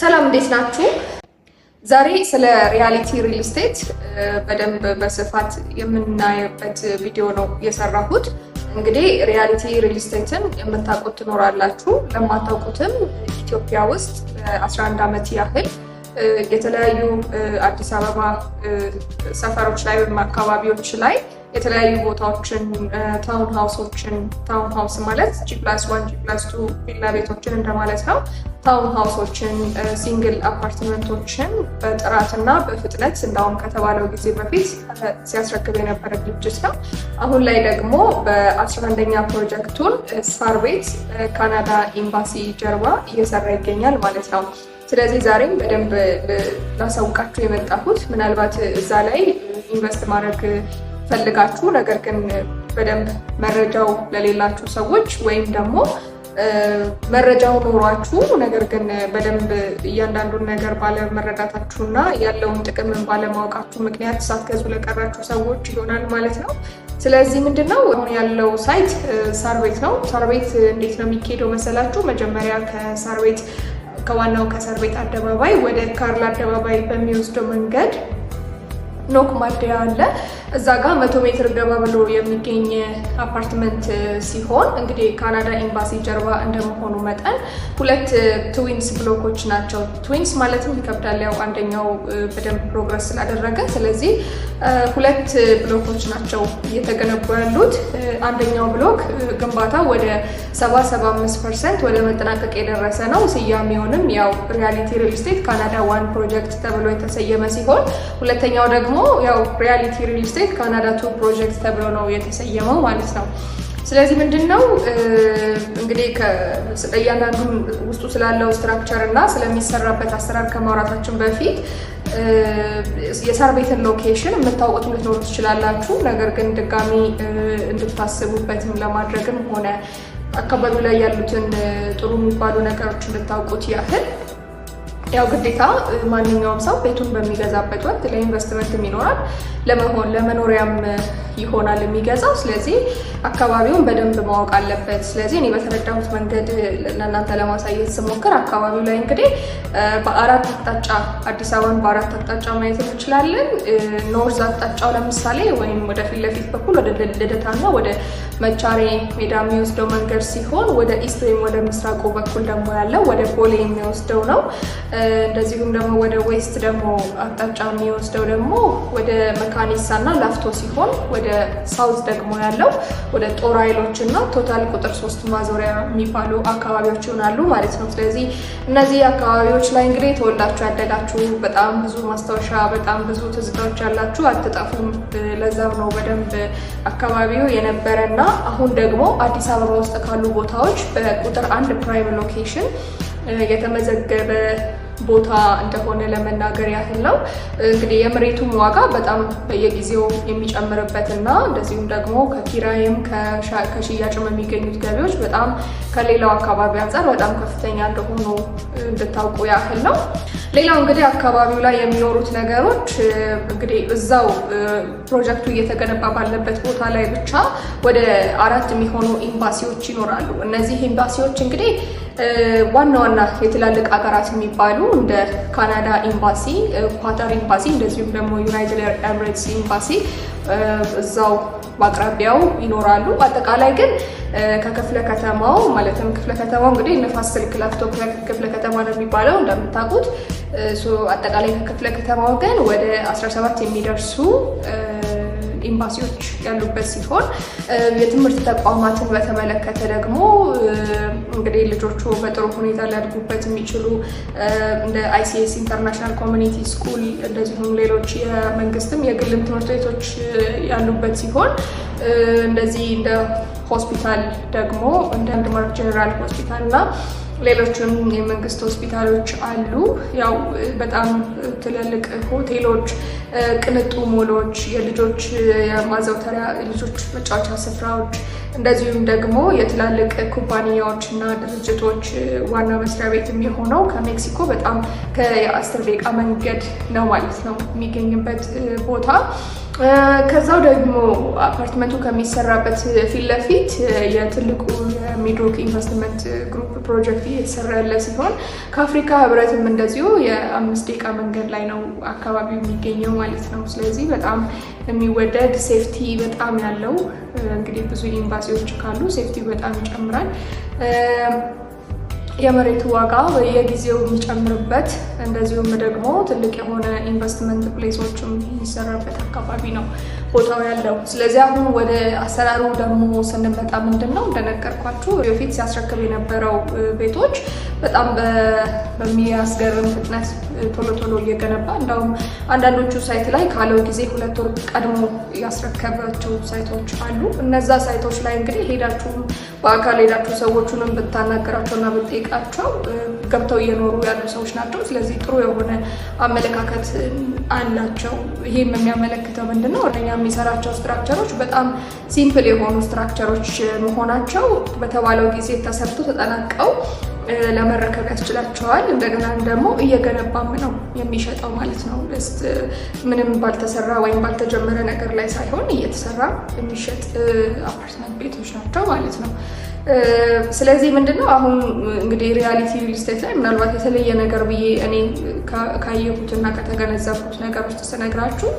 ሰላም እንዴት ናችሁ? ዛሬ ስለ ሪያሊቲ ሪል ስቴት በደንብ በስፋት የምናየበት ቪዲዮ ነው የሰራሁት። እንግዲህ ሪያሊቲ ሪል ስቴትን የምታውቁት ትኖራላችሁ፣ ለማታውቁትም ኢትዮጵያ ውስጥ በ11 ዓመት ያህል የተለያዩ አዲስ አበባ ሰፈሮች ላይ ወይም አካባቢዎች ላይ የተለያዩ ቦታዎችን ታውን ሃውሶችን ታውን ሃውስ ማለት ጂፕላስ ዋን ጂፕላስ ቱ ቪላ ቤቶችን እንደማለት ነው። ታውን ሃውሶችን ሲንግል አፓርትመንቶችን በጥራትና በፍጥነት እንዳሁን ከተባለው ጊዜ በፊት ሲያስረክብ የነበረ ድርጅት ነው። አሁን ላይ ደግሞ በ11ኛ ፕሮጀክቱን ሳር ቤት ካናዳ ኤምባሲ ጀርባ እየሰራ ይገኛል ማለት ነው። ስለዚህ ዛሬም በደንብ ላሳውቃችሁ የመጣሁት ምናልባት እዛ ላይ ኢንቨስት ማድረግ ፈልጋችሁ ነገር ግን በደንብ መረጃው ለሌላችሁ ሰዎች ወይም ደግሞ መረጃው ኖሯችሁ ነገር ግን በደንብ እያንዳንዱን ነገር እና ያለውን ጥቅም ባለማወቃችሁ ምክንያት ሳትገዙ ለቀራችሁ ሰዎች ይሆናል ማለት ነው። ስለዚህ ምንድነው ነው አሁን ያለው ሳይት ሳር ቤት ነው። ሳር ቤት እንዴት ነው የሚካሄደው መሰላችሁ? መጀመሪያ ከሳር ቤት ከዋናው ከሳር ቤት አደባባይ ወደ ካርል አደባባይ በሚወስደው መንገድ ኖክ ማደያ አለ። እዛ ጋ መቶ ሜትር ገባ ብሎ የሚገኝ አፓርትመንት ሲሆን እንግዲህ ካናዳ ኤምባሲ ጀርባ እንደመሆኑ መጠን ሁለት ትዊንስ ብሎኮች ናቸው። ትዊንስ ማለትም ይከብዳል፣ ያው አንደኛው በደንብ ፕሮግረስ ስላደረገ። ስለዚህ ሁለት ብሎኮች ናቸው እየተገነቡ ያሉት። አንደኛው ብሎክ ግንባታ ወደ 775 ፐርሰንት ወደ መጠናቀቅ የደረሰ ነው። ስያሜውንም ያው ሪያሊቲ ሪል ስቴት ካናዳ ዋን ፕሮጀክት ተብሎ የተሰየመ ሲሆን ሁለተኛው ደግሞ ያው ሪያሊቲ ሪል ስቴት ስቴት ካናዳ ቱ ፕሮጀክት ተብሎ ነው የተሰየመው ማለት ነው። ስለዚህ ምንድን ነው እንግዲህ እያንዳንዱ ውስጡ ስላለው ስትራክቸር እና ስለሚሰራበት አሰራር ከማውራታችን በፊት የሳር ቤትን ሎኬሽን የምታውቁት ልትኖሩ ትችላላችሁ። ነገር ግን ድጋሚ እንድታስቡበትም ለማድረግም ሆነ አካባቢው ላይ ያሉትን ጥሩ የሚባሉ ነገሮች እንድታውቁት ያህል ያው ግዴታ ማንኛውም ሰው ቤቱን በሚገዛበት ወቅት ለኢንቨስትመንትም ይኖራል ለመሆን ለመኖሪያም ይሆናል የሚገዛው። ስለዚህ አካባቢውን በደንብ ማወቅ አለበት። ስለዚህ እኔ በተረዳሁት መንገድ ለእናንተ ለማሳየት ስሞክር አካባቢው ላይ እንግዲህ በአራት አቅጣጫ አዲስ አበባን በአራት አቅጣጫ ማየት እንችላለን። ኖርዝ አቅጣጫው ለምሳሌ ወይም ወደ ፊት ለፊት በኩል ወደ ልደታና ወደ መጫሬ ሜዳ የሚወስደው መንገድ ሲሆን ወደ ኢስት ወይም ወደ ምስራቁ በኩል ደግሞ ያለው ወደ ቦሌ የሚወስደው ነው። እንደዚሁም ደግሞ ወደ ዌስት ደግሞ አቅጣጫ የሚወስደው ደግሞ ወደ መካኒሳና ላፍቶ ሲሆን ወደ ሳውዝ ደግሞ ያለው ወደ ጦር ኃይሎችና ቶታል ቁጥር ሶስት ማዞሪያ የሚባሉ አካባቢዎች ይሆናሉ ማለት ነው። ስለዚህ እነዚህ አካባቢዎች ላይ እንግዲህ ተወልዳችሁ ያደጋችሁ በጣም ብዙ ማስታወሻ በጣም ብዙ ትዝታዎች ያላችሁ አትጠፉም። ለዛም ነው በደንብ አካባቢው የነበረና አሁን ደግሞ አዲስ አበባ ውስጥ ካሉ ቦታዎች በቁጥር አንድ ፕራይም ሎኬሽን የተመዘገበ ቦታ እንደሆነ ለመናገር ያህል ነው። እንግዲህ የመሬቱም ዋጋ በጣም በየጊዜው የሚጨምርበት እና እንደዚሁም ደግሞ ከኪራይም ከሽያጭም የሚገኙት ገቢዎች በጣም ከሌላው አካባቢ አንጻር በጣም ከፍተኛ እንደሆኑ እንድታውቁ ያህል ነው። ሌላው እንግዲህ አካባቢው ላይ የሚኖሩት ነገሮች እንግዲህ እዛው ፕሮጀክቱ እየተገነባ ባለበት ቦታ ላይ ብቻ ወደ አራት የሚሆኑ ኤምባሲዎች ይኖራሉ። እነዚህ ኤምባሲዎች እንግዲህ ዋና ዋና የትላልቅ ሀገራት የሚባሉ እንደ ካናዳ ኤምባሲ፣ ኳታር ኤምባሲ እንደዚሁም ደግሞ ዩናይትድ ኤምሬትስ ኤምባሲ እዛው በአቅራቢያው ይኖራሉ። በአጠቃላይ ግን ከክፍለ ከተማው ማለትም ክፍለ ከተማው እንግዲህ ነፋስ ስልክ ላፍቶ ክፍለ ከተማ ነው የሚባለው እንደምታውቁት። አጠቃላይ ከክፍለ ከተማው ግን ወደ 17 የሚደርሱ ኤምባሲዎች ያሉበት ሲሆን የትምህርት ተቋማትን በተመለከተ ደግሞ እንግዲህ ልጆቹ በጥሩ ሁኔታ ሊያድጉበት የሚችሉ እንደ አይሲኤስ ኢንተርናሽናል ኮሚኒቲ ስኩል እንደዚሁም ሌሎች የመንግስትም የግልም ትምህርት ቤቶች ያሉበት ሲሆን እንደዚህ እንደ ሆስፒታል ደግሞ እንደ አንድ ጀኔራል ሆስፒታል እና ሌሎችም የመንግስት ሆስፒታሎች አሉ። ያው በጣም ትልልቅ ሆቴሎች፣ ቅንጡ ሞሎች፣ የልጆች የማዘውተሪያ ልጆች መጫወቻ ስፍራዎች እንደዚሁም ደግሞ የትላልቅ ኩባንያዎች እና ድርጅቶች ዋና መስሪያ ቤት የሚሆነው ከሜክሲኮ በጣም ከአስር ደቂቃ መንገድ ነው ማለት ነው የሚገኝበት ቦታ። ከዛው ደግሞ አፓርትመንቱ ከሚሰራበት ፊት ለፊት የትልቁ ሚድሮክ ኢንቨስትመንት ግሩፕ ፕሮጀክት እየተሰራ ያለ ሲሆን ከአፍሪካ ህብረትም እንደዚሁ የአምስት ደቂቃ መንገድ ላይ ነው አካባቢው የሚገኘው ማለት ነው። ስለዚህ በጣም የሚወደድ ሴፍቲ በጣም ያለው እንግዲህ ብዙ ኤምባሲዎች ካሉ ሴፍቲ በጣም ይጨምራል። የመሬት ዋጋ በየጊዜው የሚጨምርበት እንደዚሁም ደግሞ ትልቅ የሆነ ኢንቨስትመንት ፕሌሶችም የሚሰራበት አካባቢ ነው ቦታው ያለው። ስለዚህ አሁን ወደ አሰራሩ ደግሞ ስንመጣ ምንድን ነው እንደነገርኳችሁ በፊት ሲያስረክብ የነበረው ቤቶች በጣም በሚያስገርም ፍጥነት ቶሎ ቶሎ እየገነባ እንዲሁም አንዳንዶቹ ሳይት ላይ ካለው ጊዜ ሁለት ወር ቀድሞ ያስረከባቸው ሳይቶች አሉ። እነዛ ሳይቶች ላይ እንግዲህ ሄዳችሁም በአካል ሄዳችሁ ሰዎቹንም ብታናገራቸውና ብጠይቃቸው ገብተው እየኖሩ ያሉ ሰዎች ናቸው። ስለዚህ ጥሩ የሆነ አመለካከት አላቸው። ይህም የሚያመለክተው ምንድን ነው? የሚሰራቸው ስትራክቸሮች በጣም ሲምፕል የሆኑ ስትራክቸሮች መሆናቸው በተባለው ጊዜ ተሰርቶ ተጠናቀው ለመረከብ ያስችላቸዋል። እንደገና ደግሞ እየገነባም ነው የሚሸጠው ማለት ነው። ምንም ባልተሰራ ወይም ባልተጀመረ ነገር ላይ ሳይሆን እየተሰራ የሚሸጥ አፓርትመንት ቤቶች ናቸው ማለት ነው። ስለዚህ ምንድነው አሁን እንግዲህ ሪያሊቲ ሪልስቴት ላይ ምናልባት የተለየ ነገር ብዬ እኔ እና ከተገነዘብኩት ነገር ውስጥ ስነግራችሁ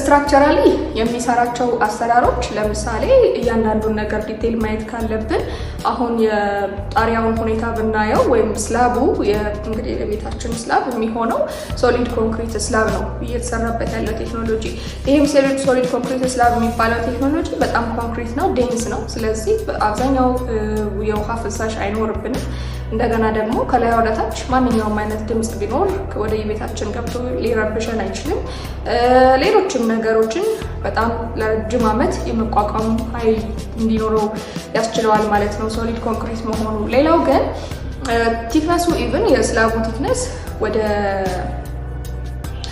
ስትራክቸራሊ የሚሰራቸው አሰራሮች ለምሳሌ እያንዳንዱን ነገር ዲቴል ማየት ካለብን አሁን የጣሪያውን ሁኔታ ብናየው ወይም ስላቡ እንግዲህ የቤታችን ስላብ የሚሆነው ሶሊድ ኮንክሪት ስላብ ነው እየተሰራበት ያለው ቴክኖሎጂ። ይህም ሶሊድ ኮንክሪት ስላብ የሚባለው ቴክኖሎጂ በጣም ኮንክሪት ነው፣ ዴንስ ነው። ስለዚህ አብዛኛው የውሃ ፍሳሽ አይኖርብንም። እንደገና ደግሞ ከላይ ወደታች ማንኛውም አይነት ድምፅ ቢኖር ወደ የቤታችን ገብቶ ሊረብሸን አይችልም። ሌሎችም ነገሮችን በጣም ለረጅም ዓመት የመቋቋም ኃይል እንዲኖረው ያስችለዋል ማለት ነው ሶሊድ ኮንክሪት መሆኑ። ሌላው ግን ቲክነሱ ኢቭን የስላቡ ቲክነስ ወደ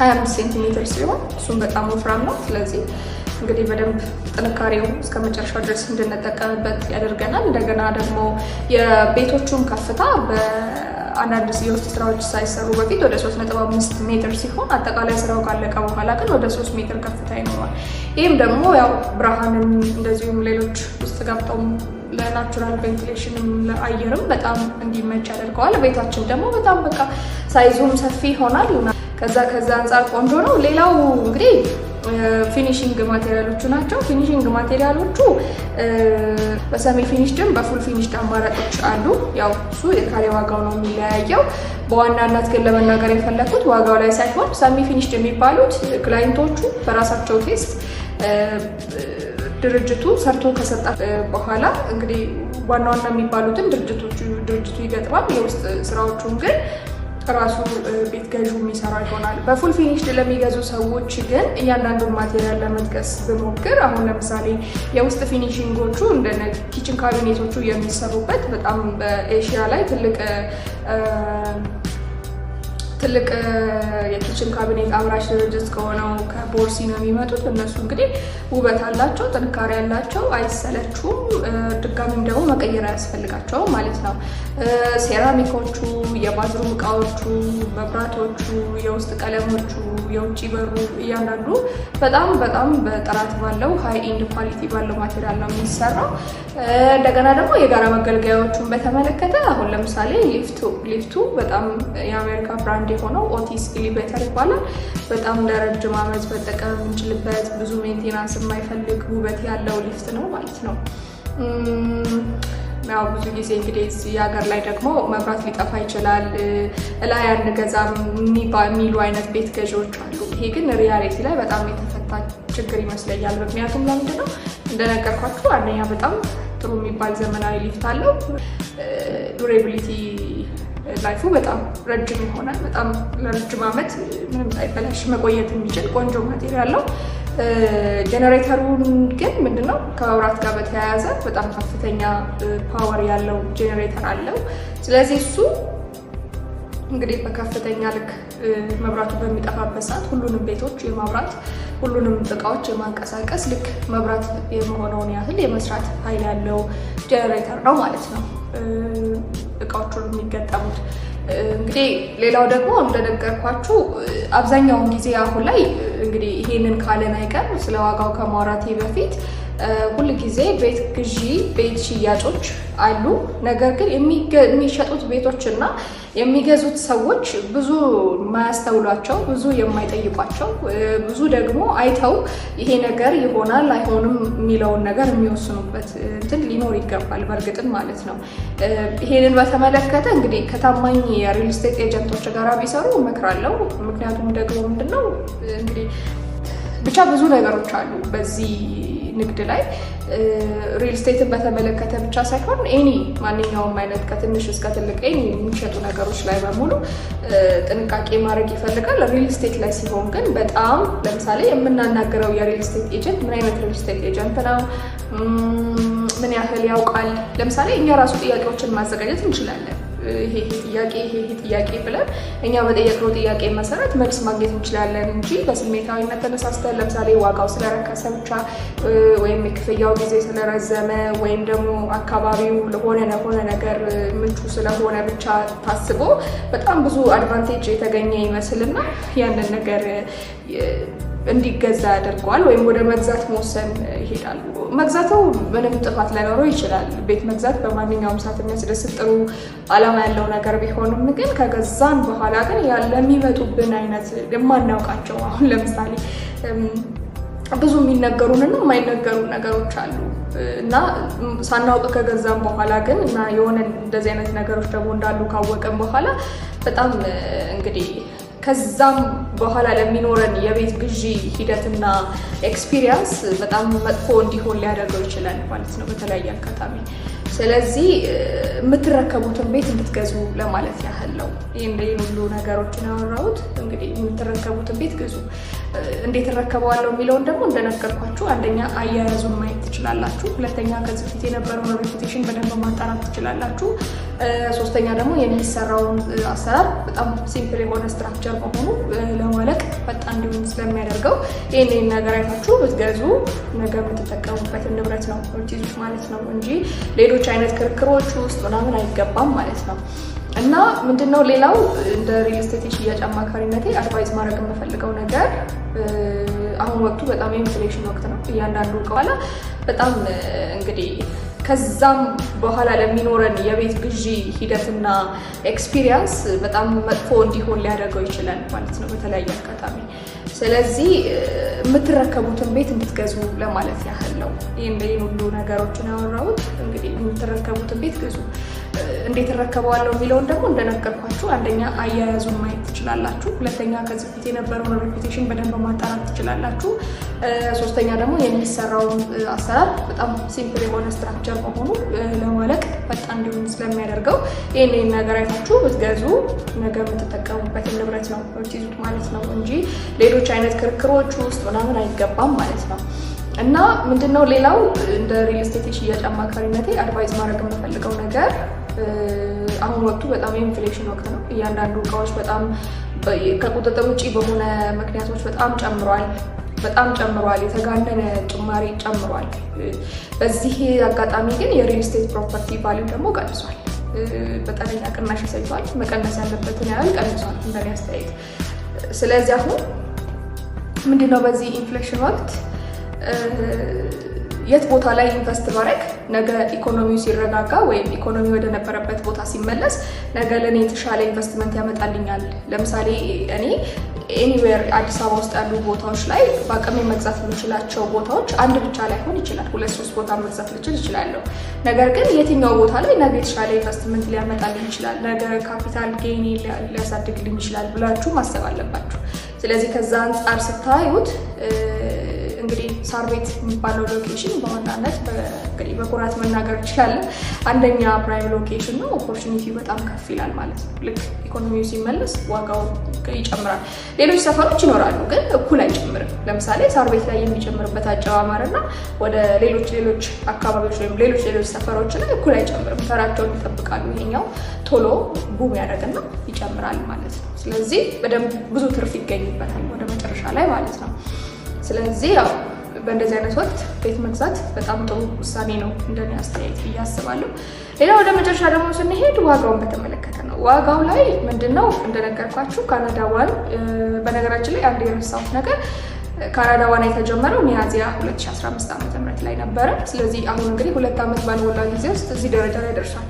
25 ሴንቲሜትር ሲሆን እሱም በጣም ወፍራም ነው። ስለዚህ እንግዲህ በደንብ ጥንካሬው እስከ መጨረሻው ድረስ እንድንጠቀምበት ያደርገናል። እንደገና ደግሞ የቤቶቹን ከፍታ አንዳንድ የውስጥ ስራዎች ሳይሰሩ በፊት ወደ 3.5 ሜትር ሲሆን አጠቃላይ ስራው ካለቀ በኋላ ግን ወደ 3 ሜትር ከፍታ ይኖረዋል። ይህም ደግሞ ያው ብርሃንን እንደዚሁም ሌሎች ውስጥ ገብተውም ለናቹራል ቬንቲሌሽንም ለአየርም በጣም እንዲመች ያደርገዋል። ቤታችን ደግሞ በጣም በቃ ሳይዙም ሰፊ ይሆናል። ከዛ ከዛ አንጻር ቆንጆ ነው። ሌላው እንግዲህ ፊኒሽንግ ማቴሪያሎቹ ናቸው። ፊኒሽንግ ማቴሪያሎቹ በሰሚ ፊኒሽድም በፉል ፊኒሽድ አማራጮች አሉ። ያው እሱ የካሬ ዋጋው ነው የሚለያየው። በዋናነት ግን ለመናገር የፈለኩት ዋጋው ላይ ሳይሆን ሰሚ ፊኒሽድ የሚባሉት ክላይንቶቹ በራሳቸው ቴስት ድርጅቱ ሰርቶ ከሰጣ በኋላ እንግዲህ ዋና ዋና የሚባሉትን ድርጅቶቹ ድርጅቱ ይገጥማል። የውስጥ ስራዎቹን ግን ራሱ ቤት ገዢው የሚሰራ ይሆናል። በፉል ፊኒሽድ ለሚገዙ ሰዎች ግን እያንዳንዱን ማቴሪያል ለመጥቀስ ብሞክር አሁን ለምሳሌ የውስጥ ፊኒሽንጎቹ እንደ ኪችን ካቢኔቶቹ የሚሰሩበት በጣም በኤሽያ ላይ ትልቅ ትልቅ የኪችን ካቢኔት አምራች ድርጅት ከሆነው ከቦርሲ ነው የሚመጡት። እነሱ እንግዲህ ውበት አላቸው፣ ጥንካሬ ያላቸው፣ አይሰለችውም ድጋሚም ደግሞ መቀየር አያስፈልጋቸውም ማለት ነው። ሴራሚኮቹ፣ የባዝሩም እቃዎቹ፣ መብራቶቹ፣ የውስጥ ቀለሞቹ፣ የውጭ በሩ እያንዳንዱ በጣም በጣም በጥራት ባለው ሀይ ኢንድ ኳሊቲ ባለው ማቴሪያል ነው የሚሰራው። እንደገና ደግሞ የጋራ መገልገያዎቹን በተመለከተ አሁን ለምሳሌ ሊፍቱ በጣም የአሜሪካ ብራንድ አንድ የሆነው ኦቲስ ኢሊቬተር ይባላል። በጣም ለረጅም ዓመት መጠቀም የምንችልበት ብዙ ሜንቴናንስ የማይፈልግ ውበት ያለው ሊፍት ነው ማለት ነው። ያው ብዙ ጊዜ እንግዲህ እዚህ ሀገር ላይ ደግሞ መብራት ሊጠፋ ይችላል፣ እላይ አንገዛም የሚሉ አይነት ቤት ገዢዎች አሉ። ይሄ ግን ሪያሊቲ ላይ በጣም የተፈታ ችግር ይመስለኛል። ምክንያቱም ለምንድን ነው እንደነገርኳችሁ አንደኛ በጣም ጥሩ የሚባል ዘመናዊ ሊፍት አለው። ዱሬብሊቲ ላይፉ በጣም ረጅም ይሆናል። በጣም ለረጅም ዓመት ምንም ሳይበላሽ መቆየት የሚችል ቆንጆ ማቴሪያል ነው። ጀነሬተሩን ግን ምንድነው ከመብራት ጋር በተያያዘ በጣም ከፍተኛ ፓወር ያለው ጀነሬተር አለው። ስለዚህ እሱ እንግዲህ በከፍተኛ ልክ መብራቱ በሚጠፋበት ሰዓት ሁሉንም ቤቶች የማብራት ሁሉንም እቃዎች የማንቀሳቀስ ልክ መብራት የመሆነውን ያህል የመስራት ኃይል ያለው ጀነሬተር ነው ማለት ነው። እቃዎቹ የሚገጠሙት። እንግዲህ ሌላው ደግሞ እንደነገርኳችሁ አብዛኛውን ጊዜ አሁን ላይ እንግዲህ ይሄንን ካለን አይቀር ስለ ዋጋው ከማውራቴ በፊት ሁል ጊዜ ቤት ግዢ፣ ቤት ሽያጮች አሉ። ነገር ግን የሚሸጡት ቤቶች እና የሚገዙት ሰዎች ብዙ የማያስተውሏቸው፣ ብዙ የማይጠይቋቸው፣ ብዙ ደግሞ አይተው ይሄ ነገር ይሆናል አይሆንም የሚለውን ነገር የሚወስኑበት እንትን ሊኖር ይገባል። በእርግጥም ማለት ነው። ይሄንን በተመለከተ እንግዲህ ከታማኝ የሪል ስቴት ኤጀንቶች ጋር ቢሰሩ እመክራለሁ። ምክንያቱም ደግሞ ምንድነው እንግዲህ ብቻ ብዙ ነገሮች አሉ በዚህ ንግድ ላይ ሪል ስቴትን በተመለከተ ብቻ ሳይሆን ኤኒ ማንኛውም አይነት ከትንሽ እስከ ትልቅ ኤኒ የሚሸጡ ነገሮች ላይ በሙሉ ጥንቃቄ ማድረግ ይፈልጋል። ሪል ስቴት ላይ ሲሆን ግን በጣም ለምሳሌ የምናናገረው የሪል ስቴት ኤጀንት ምን አይነት ሪል ስቴት ኤጀንት ነው፣ ምን ያህል ያውቃል። ለምሳሌ እኛ ራሱ ጥያቄዎችን ማዘጋጀት እንችላለን። ጥያቄ ይሄ ጥያቄ ብለን እኛ በጠየቅነው ጥያቄ መሰረት መልስ ማግኘት እንችላለን እንጂ በስሜታዊነት ተነሳስተን ለምሳሌ ዋጋው ስለረከሰ ብቻ ወይም የክፍያው ጊዜ ስለረዘመ ወይም ደግሞ አካባቢው ለሆነ ለሆነ ነገር ምንቹ ስለሆነ ብቻ ታስቦ በጣም ብዙ አድቫንቴጅ የተገኘ ይመስልና ያንን ነገር እንዲገዛ ያደርገዋል ወይም ወደ መግዛት መወሰን ይሄዳሉ። መግዛተው ምንም ጥፋት ላይኖረው ይችላል። ቤት መግዛት በማንኛውም ሰዓት የሚያስደስት ጥሩ ዓላማ ያለው ነገር ቢሆንም ግን ከገዛን በኋላ ግን ለሚመጡብን አይነት የማናውቃቸው አሁን ለምሳሌ ብዙ የሚነገሩንና የማይነገሩን ነገሮች አሉ እና ሳናውቅ ከገዛን በኋላ ግን እና የሆነ እንደዚህ አይነት ነገሮች ደግሞ እንዳሉ ካወቀን በኋላ በጣም እንግዲህ ከዛም በኋላ ለሚኖረን የቤት ግዢ ሂደትና ኤክስፒሪየንስ በጣም መጥፎ እንዲሆን ሊያደርገው ይችላል ማለት ነው በተለያየ አጋጣሚ። ስለዚህ የምትረከቡትን ቤት እንድትገዙ ለማለት ያህል ነው። ይህን ሁሉ ነገሮችን ያወራሁት እንግዲህ የምትረከቡትን ቤት ግዙ። እንዴት እረከበዋለሁ የሚለውን ደግሞ እንደነገርኳችሁ አንደኛ አያያዙን ማየት ትችላላችሁ። ሁለተኛ ከዚህ ፊት የነበረውን ሬፑቴሽን በደንብ ማጣራት ትችላላችሁ። ሶስተኛ ደግሞ የሚሰራውን አሰራር በጣም ሲምፕል የሆነ ስትራክቸር መሆኑ ለማለቅ ፈጣን እንዲሆን ስለሚያደርገው ይህን ነገር አይታችሁ ብትገዙ ነገ የምትጠቀሙበትን ንብረት ነው ማለት ነው እንጂ ሌሎች አይነት ክርክሮች ውስጥ ምናምን አይገባም ማለት ነው። እና ምንድነው ሌላው እንደ ሪል ስቴት ሽያጭ አማካሪነቴ አድቫይዝ ማድረግ የምፈልገው ነገር አሁን ወቅቱ በጣም የኢንፍሌሽን ወቅት ነው። እያንዳንዱ ከኋላ በጣም እንግዲህ ከዛም በኋላ ለሚኖረን የቤት ግዢ ሂደትና ኤክስፒሪየንስ በጣም መጥፎ እንዲሆን ሊያደርገው ይችላል ማለት ነው በተለያየ አጋጣሚ። ስለዚህ የምትረከቡትን ቤት እንድትገዙ ለማለት ያህል ነው። ይህም ሁሉ ነገሮችን ያወራሁት እንግዲህ የምትረከቡትን ቤት ግዙ። እንዴት እረከበዋለሁ የሚለውን ደግሞ እንደነገርኳችሁ አንደኛ አያያዙን ማየት ትችላላችሁ። ሁለተኛ ከዚህ ፊት የነበረውን ሬፑቴሽን በደንብ ማጣራት ትችላላችሁ። ሶስተኛ ደግሞ የሚሰራውን አሰራር በጣም ሲምፕል የሆነ ስትራክቸር መሆኑ ለማለቅ ፈጣን እንዲሆን ስለሚያደርገው ይህን ይህን ነገር አይታችሁ ብትገዙ ነገ የምትጠቀሙበትን ንብረት ነው ትይዙት ማለት ነው እንጂ ሌሎች አይነት ክርክሮች ውስጥ ምናምን አይገባም ማለት ነው። እና ምንድነው ሌላው እንደ ሪል ስቴት የሽያጭ አማካሪነቴ አድቫይዝ ማድረግ የምፈልገው ነገር አሁን ወቅቱ በጣም የኢንፍሌሽን ወቅት ነው። እያንዳንዱ እቃዎች በጣም ከቁጥጥር ውጭ በሆነ ምክንያቶች በጣም ጨምሯል በጣም ጨምሯል። የተጋነነ ጭማሪ ጨምሯል። በዚህ አጋጣሚ ግን የሪል ስቴት ፕሮፐርቲ ቫሊ ደግሞ ቀንሷል። በጠነኛ ቅናሽ ሰይቷል። መቀነስ ያለበትን ያህል ቀንሷል እንደኔ አስተያየት። ስለዚህ አሁን ምንድነው በዚህ ኢንፍሌሽን ወቅት የት ቦታ ላይ ኢንቨስት ማድረግ ነገ ኢኮኖሚው ሲረጋጋ ወይም ኢኮኖሚ ወደነበረበት ቦታ ሲመለስ ነገ ለእኔ የተሻለ ኢንቨስትመንት ያመጣልኛል። ለምሳሌ እኔ ኤኒዌር አዲስ አበባ ውስጥ ያሉ ቦታዎች ላይ በአቅሜ መግዛት የምችላቸው ቦታዎች አንድ ብቻ ላይሆን ይችላል፣ ሁለት ሶስት ቦታ መግዛት ልችል ይችላለሁ። ነገር ግን የትኛው ቦታ ላይ ነገ የተሻለ ኢንቨስትመንት ሊያመጣልኝ ይችላል፣ ነገ ካፒታል ጌኒ ሊያሳድግልኝ ይችላል ብላችሁ ማሰብ አለባችሁ። ስለዚህ ከዛ አንጻር ስታዩት ሳር ቤት የሚባለው ሎኬሽን በዋናነት እንግዲህ በኩራት መናገር እንችላለን አንደኛ ፕራይም ሎኬሽን ነው። ኦፖርቹኒቲ በጣም ከፍ ይላል ማለት ነው። ልክ ኢኮኖሚው ሲመለስ ዋጋው ይጨምራል። ሌሎች ሰፈሮች ይኖራሉ፣ ግን እኩል አይጨምርም። ለምሳሌ ሳር ቤት ላይ የሚጨምርበት አጨማመር እና ወደ ሌሎች ሌሎች አካባቢዎች ወይም ሌሎች ሌሎች ሰፈሮች ላይ እኩል አይጨምርም። ተራቸውን ይጠብቃሉ። ይሄኛው ቶሎ ቡም ያደርግና ይጨምራል ማለት ነው። ስለዚህ በደንብ ብዙ ትርፍ ይገኝበታል ወደ መጨረሻ ላይ ማለት ነው። ስለዚህ ያው በእንደዚህ አይነት ወቅት ቤት መግዛት በጣም ጥሩ ውሳኔ ነው እንደኔ አስተያየት ብዬ አስባለሁ። ሌላ ወደ መጨረሻ ደግሞ ስንሄድ ዋጋውን በተመለከተ ነው። ዋጋው ላይ ምንድን ነው እንደነገርኳችሁ ካናዳ ዋን፣ በነገራችን ላይ አንድ የረሳሁት ነገር ካናዳ ዋና የተጀመረው ሚያዝያ 2015 ዓ ም ላይ ነበረ። ስለዚህ አሁን እንግዲህ ሁለት ዓመት ባልሞላ ጊዜ ውስጥ እዚህ ደረጃ ላይ ደርሷል።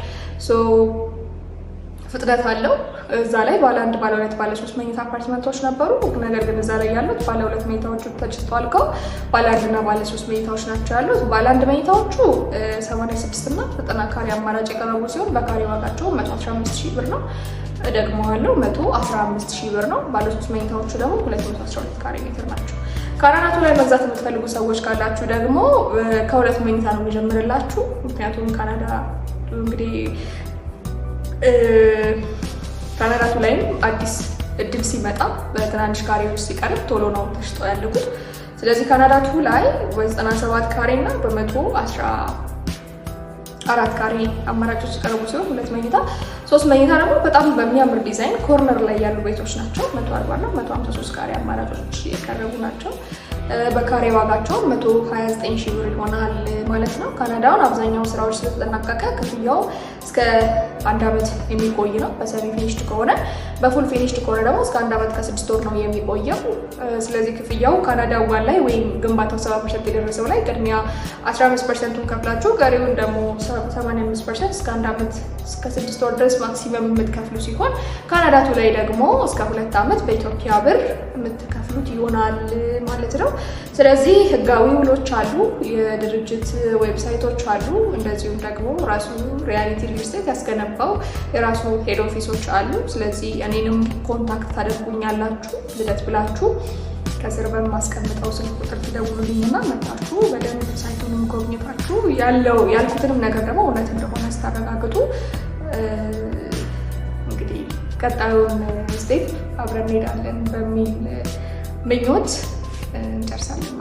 ፍጥነት አለው። እዛ ላይ ባለ አንድ ባለ ሁለት ባለ ሶስት መኝታ አፓርትመንቶች ነበሩ። ነገር ግን እዛ ላይ ያሉት ባለ ሁለት መኝታዎቹ ተጭቶ አልቀው ባለ አንድና ባለ ሶስት መኝታዎች ናቸው ያሉት። ባለ አንድ መኝታዎቹ ስድስት እና 90 ካሬ አማራጭ የቀረቡ ሲሆን በካሬ ዋጋቸው አምስት ሺህ ብር ነው። እደግመዋለሁ አምስት ሺህ ብር ነው። ባለ ሶስት መኝታዎቹ ደግሞ ሁለት ካሬ ሜትር ናቸው። ከአራራቱ ላይ መግዛት የምትፈልጉ ሰዎች ካላችሁ ደግሞ ከሁለት መኝታ ነው የሚጀምርላችሁ። ምክንያቱም ካናዳ እንግዲህ ካሜራቱ ላይም አዲስ እድል ሲመጣ በትናንሽ ካሬዎች ሲቀርብ ቶሎ ነው ተሽጦ ያለቁት። ስለዚህ ካናዳቱ ላይ በ97 ካሬ እና በ114 ካሬ አማራጮች ሲቀርቡ ሲሆን ሁለት መኝታ፣ ሶስት መኝታ ደግሞ በጣም በሚያምር ዲዛይን ኮርነር ላይ ያሉ ቤቶች ናቸው። 140 እና 153 ካሬ አማራጮች የቀረቡ ናቸው። በካሬ ዋጋቸው 129 ሺህ ብር ይሆናል ማለት ነው። ካናዳውን አብዛኛው ስራዎች ስለተጠናቀቀ ክፍያው እስከ አንድ ዓመት የሚቆይ ነው በሰሚ ፊኒሽድ ከሆነ። በፉል ፊኒሽድ ከሆነ ደግሞ እስከ አንድ ዓመት ከስድስት ወር ነው የሚቆየው። ስለዚህ ክፍያው ካናዳ ዋን ላይ ወይም ግንባታው ሰባ ፐርሰንት የደረሰው ላይ ቅድሚያ አስራ አምስት ፐርሰንቱን ከፍላችሁ ቀሪውን ደግሞ ሰማንያ አምስት ፐርሰንት እስከ አንድ ዓመት እስከ ስድስት ወር ድረስ ማክሲመም የምትከፍሉ ሲሆን ካናዳቱ ላይ ደግሞ እስከ ሁለት ዓመት በኢትዮጵያ ብር የምትከፍሉት ይሆናል ማለት ነው። ስለዚህ ህጋዊ ውሎች አሉ፣ የድርጅት ዌብሳይቶች አሉ፣ እንደዚሁም ደግሞ ራሱ ሪያሊቲ ሪል ያስገነ የምትረከው። የራሱ ሄድ ኦፊሶች አሉ። ስለዚህ እኔንም ኮንታክት ታደርጉኛላችሁ ልደት ብላችሁ ከስር በማስቀምጠው ስልክ ቁጥር ትደውሉልኝና መጣችሁ በደንብ ሳይቱንም ጎብኝታችሁ ያለው ያልኩትንም ነገር ደግሞ እውነት እንደሆነ ስታረጋግጡ እንግዲህ ቀጣዩን ስቴፕ አብረን እንሄዳለን በሚል ምኞት እንጨርሳለን።